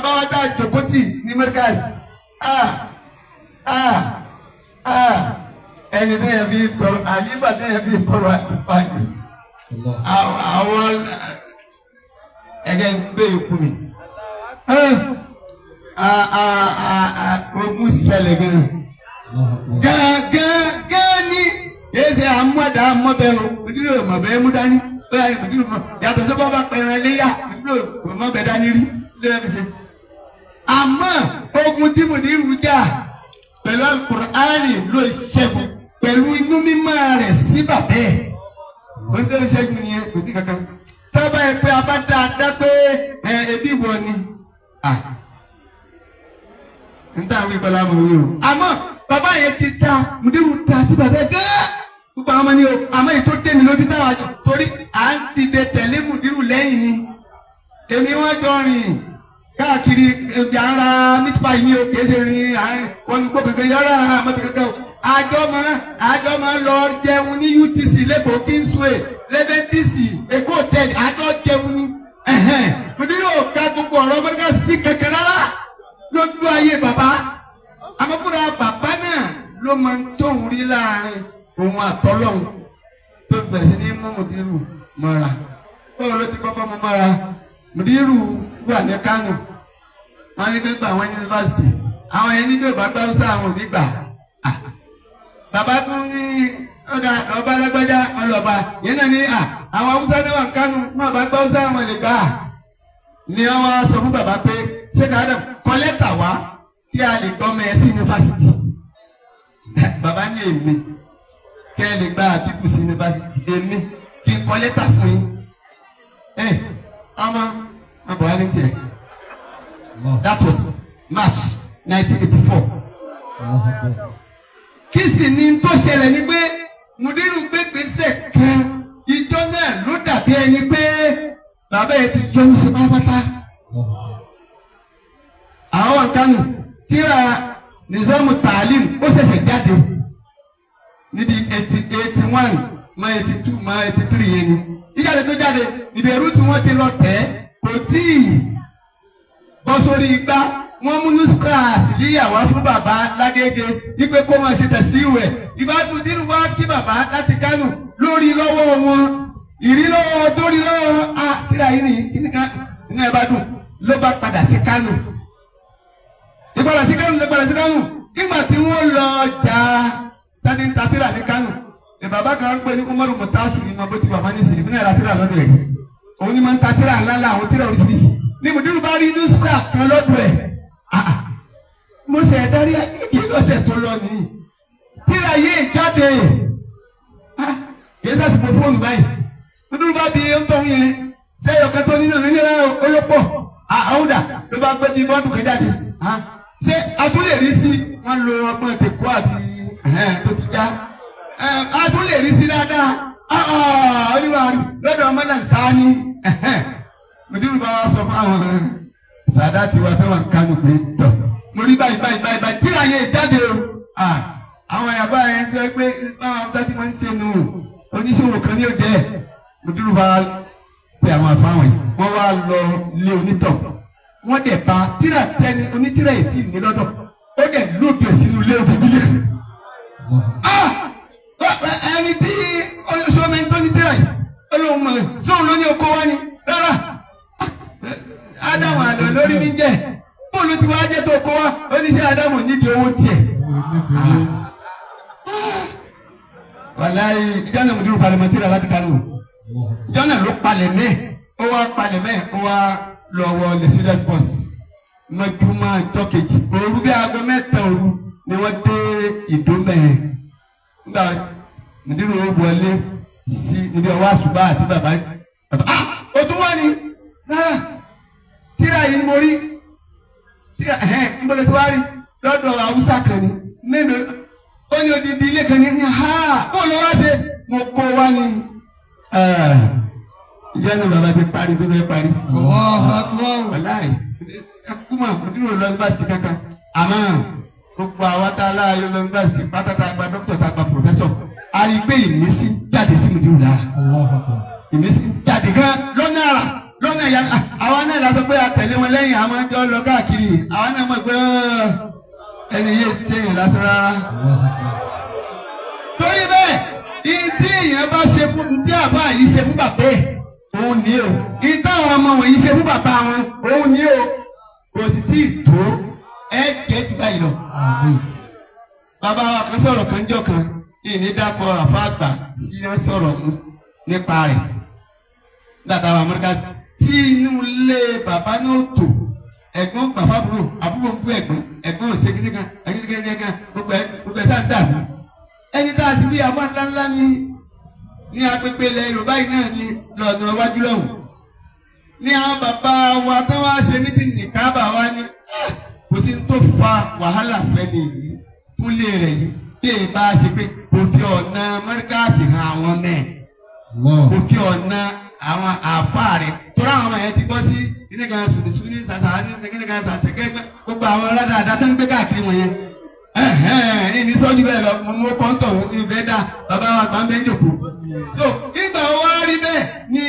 bàbá wa dá ni ní mẹ́ríkàsì ẹni tó yẹ fi tọrọ àyíbá tó yẹ fi tọrọ àtìpáàdì àwọn ẹ̀jẹ̀ ń gbé ikú mi ogun ṣẹlẹ̀ gan gàgàgà ni yéèsè àmúdà àmọ́bẹ̀rù òdìrí òmò bẹ́ẹ̀ mú dání bẹ́ẹ̀ òdìrí òmò yàtọ̀ sọ́kọ́ bá pẹ̀rẹ̀ léyà òdìrí òmò bẹ́ẹ̀ dání rí lẹ́yìn ṣe àmọ́ ogun tí Mùdírù jà pẹ̀lú alukur'ani ló ṣẹ́gun pẹ̀lú inú mímọ́ rẹ̀ sí bàbẹ́ ẹ̀ ó ń tẹ́lẹ̀ ṣẹ́gun yẹn kò sí kankan tọ́ba yẹn pé abá dáadáa pé ẹ ẹbí wọ ni n ta àwọn ìgbàlá mọ̀ wí o àmọ́ bàbá yẹn ti ta Mùdírù ta sí bàbẹ́ gẹ́ẹ́ gbogbo àwọn ọmọ ni o àmọ́ èyí tó dé mi lójú táwọn àjọ torí à ń dìde tẹ̀lé Mùdírù lẹ́yìn ni èmi wọ́n jọ rìn káàkiri ǹjẹ́ ara nípa yìí o kìí ṣe rin wọn gbọ́ kankan yọ̀rọ̀ àmọ́tò kankan o. àjọ máa àjọ máa lọ jẹun ní UTC lẹ́kọ̀ọ́ Kingsway lẹ́bẹ̀tìsì Èkó hòtẹ́ẹ̀lì àjọ jẹun ní. nítorí òkà gbogbo ọ̀rọ̀ mọ́tò sí kankan rárá lójú ayé bàbá amọ́kúra bàbá náà ló máa ń tóun rí láàrin òun àtọ́lọ́hún tó bẹ̀rẹ̀ sí ní mọ́mọ́dírù mọ́ra báwo ti kọ́kọ́ mọ́ mọ́ra mọ́dírù gbà ní Kánò wọ́n ní kí gbà wọ́n yunifásitì àwọn yẹn níbi òbá gbá Hausa àwọn òní gbà bàbá tún ní ọ̀dà ọba alágbájá ọlọ́ba yẹn náà ní àwọn Hausa náà wà Kánò wọ́n bá gbá Hausa àwọn lè gbà ni wọ́n wá sọ fún bàbá pé ṣé káàdà kọ́lẹ́tà wá kí a lè gbọ́ mẹ́ẹ̀ sí yunifásitì bàbá ní èmi kẹ́ ẹ lè gba àbíkú sí yunifásitì èmi kí n kọ́ lẹ́tà fún yín ọmọ abuwari ah, tiẹ that was march nineteen eighty four kìsì ni tó ṣẹlẹ̀ ni pé mudiru gbégbèsè kan ìjọ náà ló dàbí ẹni pé bàbá yẹn ti jọ ṣe pátápátá àwọn kanu tíra nizamu taalim ó ṣẹ̀ṣẹ̀ jáde níbi eighty eighty one ma eighty two ma eighty three yẹn ni ìjáde tó jáde ìbẹ̀rù tí wọ́n ti lọ tẹ̀ ẹ́ kò tí ì bọ́ sórí igbá wọ́n mú nuskas níyàwó fún bàbá ládéédé wípé kó wọn ṣe tẹ̀sí ìwẹ̀ ìbádùn nínú wá kí bàbá láti kánò lórí lọ́wọ́ wọn ìrí lọ́wọ́ tó rí lọ́wọ́ wọn á ah, tíra yìí nìyí kí nìkan nínú ẹ̀ bá ló bá padà sí kánò ìpadà sí kánò ló padà sí kánò nígbà tí wọ́n lọ jà tani ta tíra ní kánò ẹ̀ bàbá kan ń pè ní Umaru Mutasu ìmọ̀ bó ti wà má ní sinimá ẹ̀ ra tíra lọ́dọ̀ ẹ̀ òun ni máa ń ta tíra ńláńlá àwọn tíra oríṣiríṣi ní mùdírù bá rí nùsà kan lọ́dọ̀ ẹ̀ ah, ah. mo ṣe ẹ̀dárí akéde lọ́sẹ̀ tó lọ nìyí tíra yìí jáde yéésà sì mo fóònù báyìí mùdírù bá bí ó tọ̀hún yẹn sẹ́yọ̀ kan tó nínú nílẹ̀ olópọ̀ àhùdà ah, ló bá gbé bí bọ́ọ̀dù kan jáde ṣé abúlé rí sí wọn lo ọgbọ́n tèkó àti tó ti já eh, abúlé rí sí dáadáa oníwàárí lọ́dọ̀ ọmọ náà sáá mùdírù bá wa sọ fún àwọn sàdá tiwa tó wà kánú pé tọ̀ mo rí báyìí báyìí báyìí báyìí tíra yẹn jáde o àwọn yàrá yẹn sọ pé báwọn afúdá tí wọ́n ń ṣe nù oníṣòwò kan ní òjẹ́ mùdírù bá pe àwọn àfáwọn yìí wọ́n wá lọ lé onítọ̀ wọ́n dẹ̀ bá tíra tẹni onítìrà yìí tì ní lọ́dọ̀ ó dẹ̀ lóògbé sínú ilé òbí bílẹ̀ ẹni tí lórí ní jẹ́ bóòlù tí wàá jẹ́ tó kọ́ wa oníṣẹ́ Ádámù nídìí owó tiẹ̀. wàláyé ìjọ́nà mùdúró palẹ̀mọ́ síra láti kánú ìjọ́nà ló palẹ̀ mẹ́ ó wá palẹ̀ mẹ́ ó wá lọ wọ the serious bus mọ́júmọ́ ọjọ́ òru bí aago mẹ́ta òru ni wọ́n dé ìdó mẹ́rin nígbà mùdúró wọlé sí níbi ọwọ́ àṣùbà àti bàbá ó ah, tún wá ní náà tíra yìí mo rí tíra ẹ̀hẹ́n ń bọ́lẹ̀ tó wá rí lọ́dọ̀ haúsá kan ní mélòó ó ní odidi ilé kan ní ha kó ló wá ṣe mo kó wá ní ìyá náà bàbá ti parí tó fẹ́ parí. wàláì ẹkú mà kúndínlò lọ́gbà sí kankan àmọ́ gbogbo àwa tá a láàyò lọ́gbà sí pátákó àgbà dókítà tá a gba pòfẹ́sọ̀ a pé ìmísí jáde sí mi dìrò la ìmísí ẹni yé ti ṣèyàn lásán rárá. torí bẹ́ẹ̀ ìdí ìyẹn bá ṣe fún tí àbá yìí ṣe fún bàbá ẹ̀ òun ní o ìdá àwọn ọmọ wọ̀nyí ṣe fún bàbá wọn òun ní o kò sì tí ì tó ẹ jẹ́ ti báyìí lọ. bàbá wa kan sọ̀rọ̀ kan jọ kan ìní dákọ̀ àfáàgbà sí ẹ sọ̀rọ̀ nípa rẹ̀ dàtà àwọn amúríkà tí inú ilé bàbá náà tò ẹ̀gbọ́n pàfàbúrò àbúrò ń bú ẹ̀gbọ́n ẹ̀gbọ́n òsèkìní kan ẹ̀kìní kan gbogbo ẹ̀ gbogbo ẹ̀ sáà ń dà mí. ẹni tá a sì bí àwọn ńláńlá ní ní agbègbè ilẹ̀ Yorùbá yìí náà ní lọ́nà iwájú lọ́hùn. ní àwọn bàbá wa tó wá ṣe mítìnì nìkábà wa ní ah, kò sí tó fa wàhálà fẹ́ni yìí fúnlé rẹ̀ yìí bí èyí bá ṣe pé kò fi ọ̀nà mọ́ríkàsì hàn àwọn mẹ́ẹ̀ kò fi ọ̀nà àwọn àfáà rẹ̀ tóra àwọn ọmọ yẹn ti gbọ́ sí kíní kan sùkùsù ní sàtà ní kíní kan sàtà kẹgbẹ́ gbogbo àwọn ọlọ́dà àdáta ń gbé káàkiri wọn yẹn ẹ̀hẹ́n ní sọ́jú bẹ́ẹ̀ lọ mo mọ kọ́ńtọ̀ ìbẹ́dà bàbá wa gbà jòkó so nígbà ó wá rí bẹ́ẹ̀ ni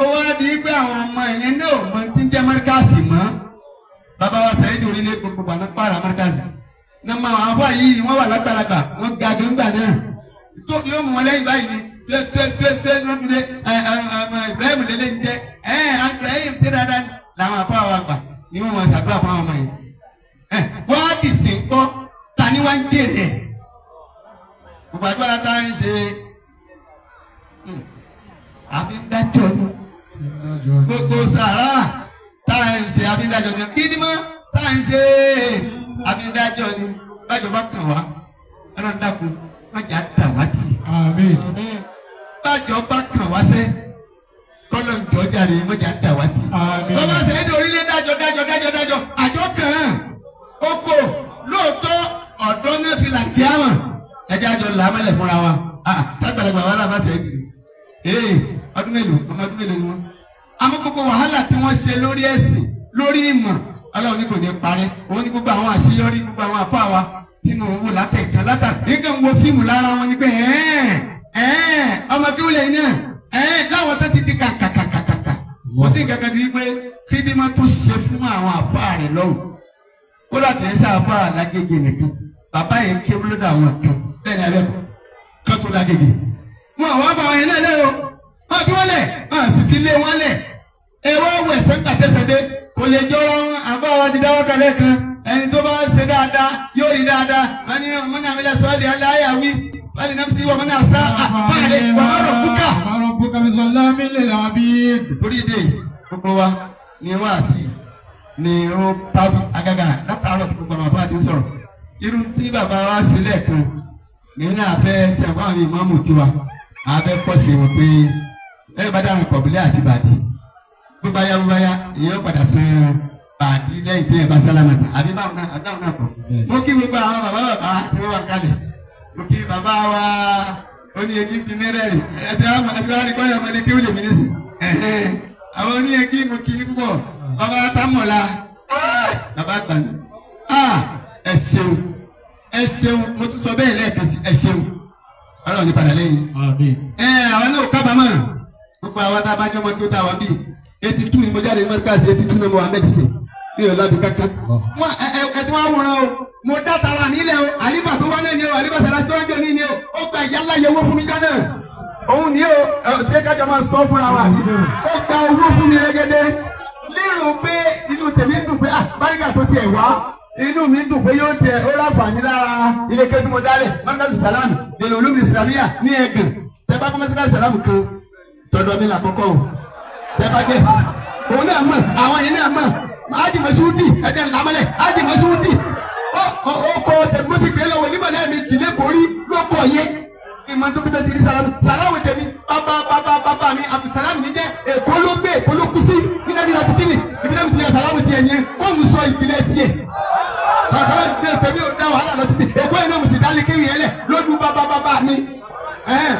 ó wá di pé àwọn ọmọ yẹn ní ò mọ ti ń jẹ́ mọ́ríkàsì mọ́ bàbá wa sẹ́yìn dòrí lé gbogbo àná pààrà mọ́ríkàsì nàmọ àwọn bá yìí wọ́n wà lágbàlagbà gbàdúrà fún àwọn ọmọ yẹn ẹ wọ́n á dì sí ńkọ́ ta ni wọ́n ń jèrè ẹ̀ gbogbo àdúrà tá à ń ṣe hmm. àfi ń dájọ́ ni gbogbo sàrà tá à ń ṣe àfi ń dájọ́ ni kí ni mọ́ tá à ń ṣe àfi ń dájọ́ ni bájọ́ bá kàn wá ẹ̀rọ ń bájà dà wá tì bájọ́ bá kàn wá sẹ́ kọ́lọ̀ ń jọ́ jàre bájà dà wá tì. Oko lóòótọ́ ọ̀dọ́ náà fi là kí á mà ẹja jọ là á mẹ́lẹ̀ fúnra wa sàgbàlagbà wàhálà má ṣe é jù ee ọdún mélòó ọmọ ọdún mélòó ni wọn. àmọ́ gbogbo wàhálà tí wọ́n ṣe lórí ẹ̀sìn lórí ìmọ̀ ọlọ́run ní kò ní parẹ́ òun ní gbogbo àwọn àṣeyọrí gbogbo àwọn àpá wa tí mo ń wò látẹ̀kẹ́ látàkì. nígbà wo fíìmù lára wọn ni pé ọmọ kí wọ́n lè ní láwọn tó ti di kàkàkàkàkà. mo sì gàgàdì wípé kí ni wọ́n tún kódà tẹ̀ ẹ́ sáà fún alágége nìkan bàbá yẹn ké wúlódà àwọn kan bẹ́ẹ̀ ni abẹ́ kọ́ kọ́tù lágége. wọn àwọn àbá wọn yẹn náà lé o wọn fi wọn lẹ wọn sì fi lé wọn lẹ ẹwọ wẹ sẹńtà tẹsẹdẹ kò lè jọrọ àbá wa di dáwọ́ kalẹ̀ kan ẹni tó bá ṣe dáadáa yóò rí dáadáa wọn ni wọn náà wílẹ̀ sọ́ọ́ di aláyà wí wọ́n lè náà sí wọn náà sá àfáàlẹ̀ wọn ọ̀rọ̀ búkà. ọ̀rọ̀ búkà mi torí ìdè gbogbo wa ni wọ́n á sí i ni ó bá agaga látàárọ̀ tó gbogbo àwọn àbá àti sọ̀rọ̀ irú tí bàbá wa sílẹ̀ kan nínú àfẹ́ tí àwọn àwọn ìmáàmù tiwa àfẹ́ pọ̀ sí wọn pé ẹ bá dáhùn kọ̀bílẹ̀ àti bàdí bó bá yá bó bá yá èèyàn padà san bàdí lẹ́yìn tí ẹ bá sálámà tà àbí báwọn náà àbí báwọn náà kọ̀ mo kí gbogbo àwọn bàbá bàbá tí wọ́n wà kalẹ̀ mo kí bàbá wa ó ní egí ti ní rẹ̀ ẹ̀sẹ̀ àwọn àti wàhálì kọ́yọ̀ ọmọdé kí ó lè mí nísì àwọn oníyẹn kí mo kí ọba tamọ̀la bàbá àgbàna ah, ẹ ṣeun ẹ ṣeun mo tún sọ bẹ́ẹ̀ lẹ́ẹ̀kan sí ẹ ṣeun ọlọ́run ní padà lẹ́yìn. ẹ àwọn náà kábàámọ̀ gbogbo àwọn tá a bá jẹ́ ọmọ kí ó ta wá bíi eighty two ni mo jáde ní mọ́tíkàsì eighty two ni mo wà mẹ́dísì ní ìlú lábì kankan. wọn ẹ ẹ ẹ tí wọn wòran o mo dá tara nílẹ̀ o àlífà tó wá lẹ́ni o àlífà sara tó wájú ní ni o ó gba ìyá ńlá yẹwò fún mi gánà òun ni o tí ẹ kájọ máa sọ fúnra wa ó gba owó fún mi rẹ́gẹ́dẹ́ inú pé inú tèmi dùn pé ah, báríkà tó tiẹ̀ wá inú mi dùn pé yóò tiẹ̀ ó láǹfààní lára ilé kẹ́tí mo dálẹ̀ mọ́tàlù sàlámù nínú olómi ìsìlámíyà ní ẹ̀gàn tẹ́bá kọ́ mọ́tàlù sàlámù kan tọ̀dọ̀ mi là kọ́kọ́ o tẹ́bá jẹ́ òun náà mọ̀ àwọn yìí náà mọ̀ ájì mọ̀súdì ẹ̀dẹ̀ làmọ́lẹ̀ ájì mọ̀súdì ó kọ́ tẹ̀gbọ́tì gbé lọ́wọ́ nígbà náà mi jìlẹ̀ kórí lọ́kọ̀ yẹn ìmọ̀ tó bí tó ti rí sàlámù sàlámù tẹ̀mí bàbá bàbá bàbá mi àbùsàlámù ní jẹ́ èkó ló gbé èkó ló k yẹn yẹn kó ń sọ ìpìlẹ̀ tiẹ̀ kàkàrà ìpìlẹ̀ tẹ̀mí ò dá wàhálà lọ títí èkó yẹn náà mo sì dálé kéwì yẹn lẹ̀ lójú bàbá bàbá mi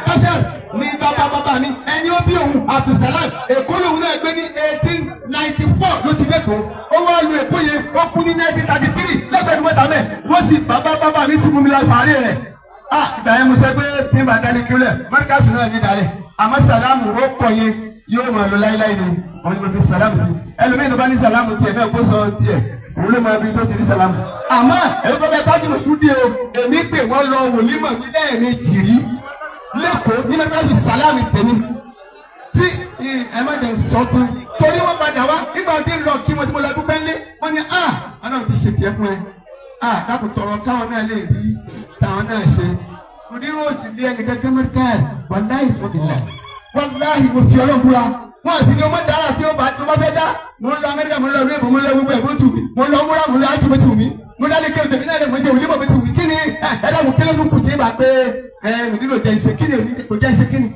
pàṣẹ ní bàbá bàbá mi ẹni ó bí òun Abdulsalam èkó lòun náà gbé ní eighteen ninety four ló ti lẹ́kọ̀ọ́ ó wá lu èkó yẹn ó kú ní nineteen thirty three lẹ́gbẹ̀ẹ́ ìwé tàmẹ́ wọ́n sì bàbá bàbá mi sì mú lọ sàárè rẹ̀ ah, ìgbà yẹn mo sọ pé tí n bá dálé kéwì lẹ̀ mọ́ríkà sùn náà ní dálé àmọ́ sàlámù ó kọ yẹn yóò máa lọ láíláí ni wọn ni mo fi sàlámù sí ẹlòmíín tó bá ní sàlámù tiẹ̀ náà kó sọ tiẹ̀ òun ló máa bí tó ti ní sàlámù. àmọ́ ẹ̀rọ bẹ́ẹ̀ tájì mọ̀ súdì o èmi pè wọ́n lọ wòlímọ̀ mi lẹ́ẹ̀ mi jìrì lẹ́kọ̀ọ́ ní mẹ́ta fi sàlámù tèmi tí ẹ má jẹ́ sọ́tún torí wọ́n padà wá nígbà tí ń lọ kí wọ́n ti mo lọ dúpẹ́ lé wọ́n ní à ah, ọlọ́run ti ṣètì ẹ fún ẹ à ah, dákun tọrọ káwọn náà lè rí tàwọn náà ṣe òdìrún òsì lé ẹnì kankan mẹ́ríkà wàláì fún mi náà wàláhì mo fi ọlọ́run búra wọn àti ní ọmọ dára tí ó bá tó bá fẹ́ dá mo ń lọ amẹ́ríkà mo ń lọ ìlú èbó mo ń lọ gbogbo ẹ̀gbọ́n tù mí mo ń lọ múra mo ń lọ ájú mo tù mí mo dá ní kéwòn tèmi náà lè mo ṣe òní mo fi tù mí kí ni ah, ẹ̀dá mo kílódù kù tí bá pé ẹ òní lò jẹ́ ìṣe kí ni òní kò jẹ́ ìṣe kí ni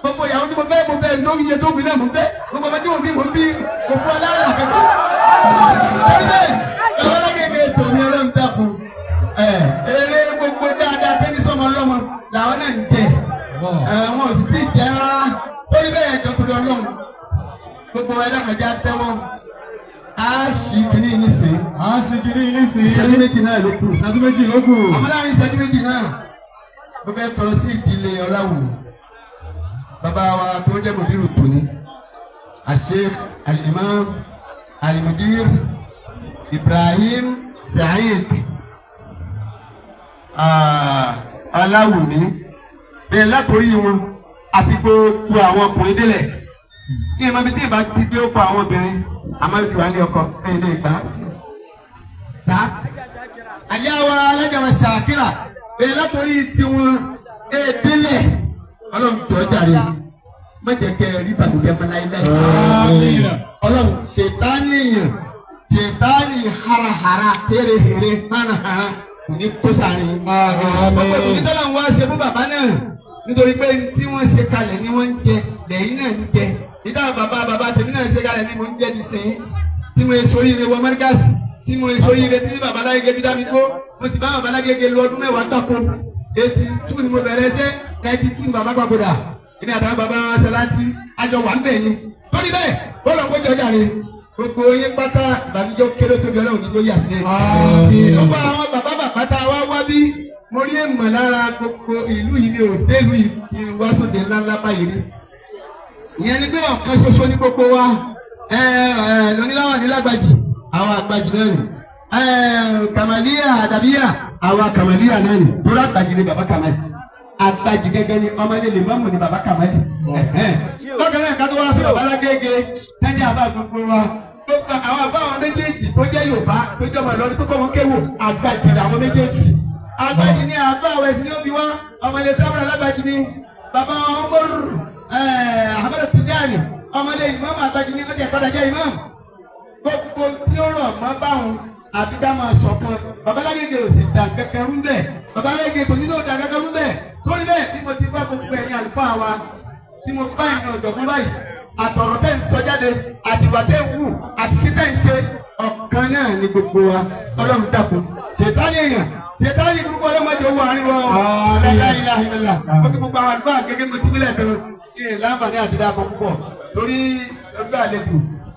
gbogbo ìyàwó tí mo fẹ́ mo fẹ́ lórí iye tó mi náà mo fẹ́ gbogbo ọmọ mo bí mo bí gbogbo ọlá níbi nísìnyí. ìṣẹ́jú méjì náà ló kù. ìṣẹ́jú méjì ló kù. ọmọláàrin ìṣẹ́jú méjì náà ó fẹ́ tọrọ sí ìdílé ọláwù bàbá wa tó jẹ́ mòdìrú tòní Ibrahim Saheed aláwùmí bẹ́ẹ̀ látòrí wọn àti gbogbo àwọn ọkùnrin délẹ̀ kí ẹ máa bí tí ì bá ti gbé ó pa àwọn obìnrin àmọ́ ti wà ní ọkọ ẹ̀yìn lè gbà á sá àyàwó alájàmọ̀ ṣàkírà èyí látòrí tiwọn èdèlè ọlọ́run tó jàre mọ̀jẹ̀ kẹ́ rí bàtúkẹ́ mọ́láyíláyí ọlọ́run ṣètánì harahara hérehére hánahán kò ní kó sáré ọgbẹ́ wá ṣe fún bàbá náà nítorí pé tí wọ́n ṣe kalẹ̀ ni wọ́n ń jẹ lẹ́yìn náà ń jẹ ìdáhùn bàbá bàbá tèmi náà ṣe kalẹ̀ ni mò ń jẹ ti tí mo ṣe oríire wọ mọ́ríkàsì tí mo ń sóyire tí bàbá alágége bí dábí kó mo sì bá bàbá alágége lọ ọdún mẹ́wàá gbáko eighty two ni mo bẹ̀rẹ̀ ṣẹ́ ninety two ni bàbá gbàgbọ́dà ìní àtàwọn bàbá sẹláńtì àjọ wà ń bẹ̀ ni lórí bẹ́ẹ̀ bọ́ọ̀lù ọ̀pọ̀ ìjọjà rẹ̀ gbogbo yín pátá ìbànújẹ́ kéré tóbi ọlọ́run ní lóyè àti gbogbo àwọn bàbá bàbá tá a wá wá bí mo rí èèmọ̀ lára gbogbo ìlú yìí ni òde ìlú yìí wá sóde ńláńlá báyìí rí. ìyẹn ni pé ọ̀kan wa ẹ ẹ lóníláwà àwọn àgbàjì náà nì kàmàlíyà àdàbíyà àwọn kàmàlíyà náà nì tó lágbàjì ni bàbá kàmàlì àgbàjì gẹ́gẹ́ ni ọmọdé lè mọ́mù ni bàbá kàmàlì. lọ́kàn náà kátó wá sí bàbá lágége tẹ́lẹ̀ àbá gbogbo wa gbogbo àwọn àbá àwọn méjèèjì tó jẹ́ Yorùbá tó jẹ́ ọmọ Ìlọrin tó kọ́ wọn kéwò àgbàjì àwọn méjèèjì àgbàjì ni àbá àwọn ẹ̀sìn yóò fi wá ọmọdé sábà lágbàjì ni bàbá ọmọ Ahmad Tijani ọmọdé ìmọ̀ọ́mù àgbàjì ni ọjà ìpadà jẹ́ ìmọ̀ọ́mù gbogbo tí ó ràn mọ́ báwọn àbí ká máa ṣọ̀kan babalágége ò sì dà kẹkẹ rú bẹ́ẹ̀ babalágége kò nílò dà kẹkẹ rú bẹ́ẹ̀ torí bẹ́ẹ̀ bí mo ti bá gbogbo ẹ̀yin àlùfáà wa tí mo bá ìyẹn ọ̀jọ̀gbọ́n báyìí àtọ̀rọ̀ tẹ́ ń sọ jáde àtìgbà tẹ́ ń wù àtìṣe tẹ́ ń ṣe ọ̀kan náà ni gbogbo wa ọlọ́run dàpọ̀ ṣètàlẹ̀ èèyàn ṣètàlẹ̀ burúkú ọlọ́mọdé owó àárín wọn ọ̀ọ́dá ilá ìlẹ̀lá ó fi gbogbo àwọn àgbà gẹ́gẹ́ mo ti mílẹ̀ kan ní ìlànà àti dàpọ̀ púpọ̀ torí ọgbà àlejò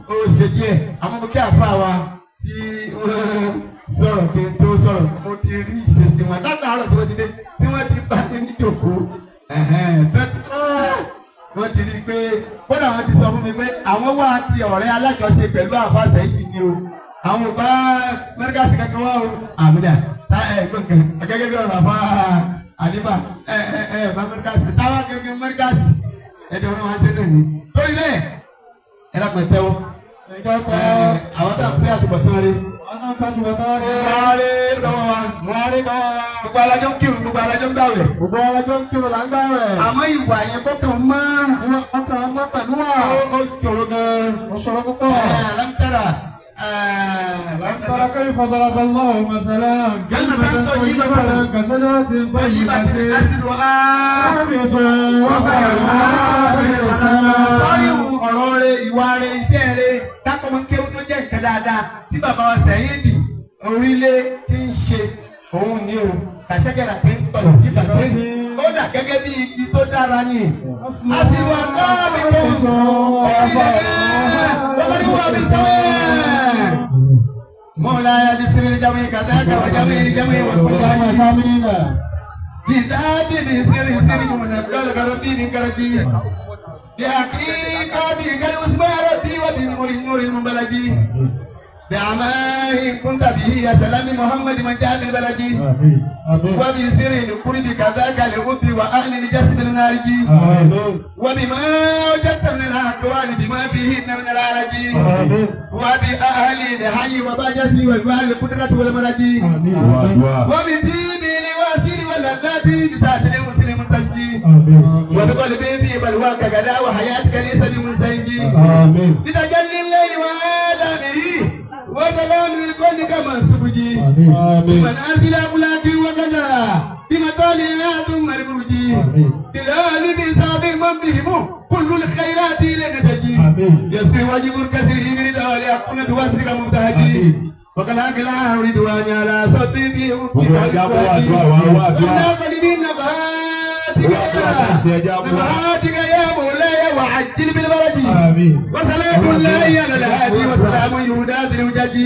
ó ṣe díẹ̀ àmọ́ mo kí àfa wa tí ó sọ̀rọ̀ kí n tó sọ̀rọ̀ mo ti rí ìṣesí wọn látàárọ̀ tí wọ́n ti dé tí wọ́n ti bá mi níjòkó wọ́n ti rí i pé kódà wọ́n ti sọ fún mi pé àwọn wá ti ọ̀rẹ́ alájọṣe pẹ̀lú àfàṣẹ yìí ni o àwọn ò bá mẹ́ríkàsì kankan wá o àmìlà tá ẹ gbọ̀ngàn gẹ́gẹ́ bí ọ̀rọ̀ àfa àdìbà ẹ ẹ ẹ bá mẹ́ríkàsì táwa gẹ́gẹ́ mẹ́ríkàsì ẹ̀dẹ̀ wọn wá ṣe lẹ́yìn torí bẹ́ẹ̀ ẹ lápẹ̀ tẹ́wọ́ ìjọba àwọn tá à ń fẹ́ àtúbọ̀tán rí. àwọn náà fẹ́ àtúbọ̀tán rí. wọ́n rí lọ́wọ́ wa. wọ́n rí lọ́wọ́ wa. gbogbo alájọ́ ń kírun gbogbo alájọ́ ń gbàwẹ̀. gbogbo alájọ́ ń kírun là ń gbàwẹ̀. àmọ́ ìwà yẹn kọ́kàn mọ́. ọkàn mọ́ pẹ̀lú wa. ó ṣòro gan ó ṣòro púpọ̀. ẹ̀ ẹ̀ lẹ́ńtẹ̀rà. ترى كيف ضرب الله مثلا جنة طيبة كشجرة طيبة أصلها ثابت وفرعها في السماء ọ̀rọ̀ rẹ̀ ìwà rẹ̀ iṣẹ́ rẹ̀ dákọ̀mọ́ kéwú tó jẹ́ nǹkan dáadáa tí bàbá wa sẹ́yìn dì orílẹ̀ ti ń ṣe òun ni o kàṣẹ́jẹ̀rà pé ń tọ̀ ìgbà tó ń ó dà gẹ́gẹ́ bí igi tó dára ni àṣìwà kọ́ mi kò sùn orílẹ̀ bẹ́ẹ̀ lọ́wọ́ ni wọ́n mi sọ́wọ́. مولاي نسر الجميع كذاك وجميل جميع والقدام جميل بذات نسر نسر من أفضل غربي من كرتي بحقيقة بغير اسمها ربي وبنور النور المبلدي بأمائهم كنت به سلام محمد من جاء من بلدي وبسر قرب كذاك لأبي وأهل الجسد النارجي وبما وجدت من الأقوال بما فيه من العرج وبأهل الحي وبجسي والمال القدرة والمرجي وبديني لواسي ولذات بساتر مسلم تجزي وبقلبي في بلواك غدا وحياتك ليس بمنسجي لتجلي Wote leo mlikoni kama subuji. Amen. Manazila kulati wakanda. Timatali ya tum marbuji. Bila alibi sabi mambihimu. Kullu lkhairati ila kataji. Amen. Yasi wajibur kasiri hibiri dawali akuna tuwasri kamu tahaji. Wakala kila hauri duwanya la sotibi mufi halikwaji. Wakala kila hauri duwanya la sotibi mufi halikwaji. Wakala kila hauri duwanya la sotibi mufi halikwaji. الدين بالبلد وسلام الله على الهادي وسلام يهودا بالوجد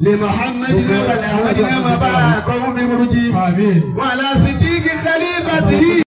لمحمد وعلى احمد ما بعد قوم مرجي وعلى صديق خليفته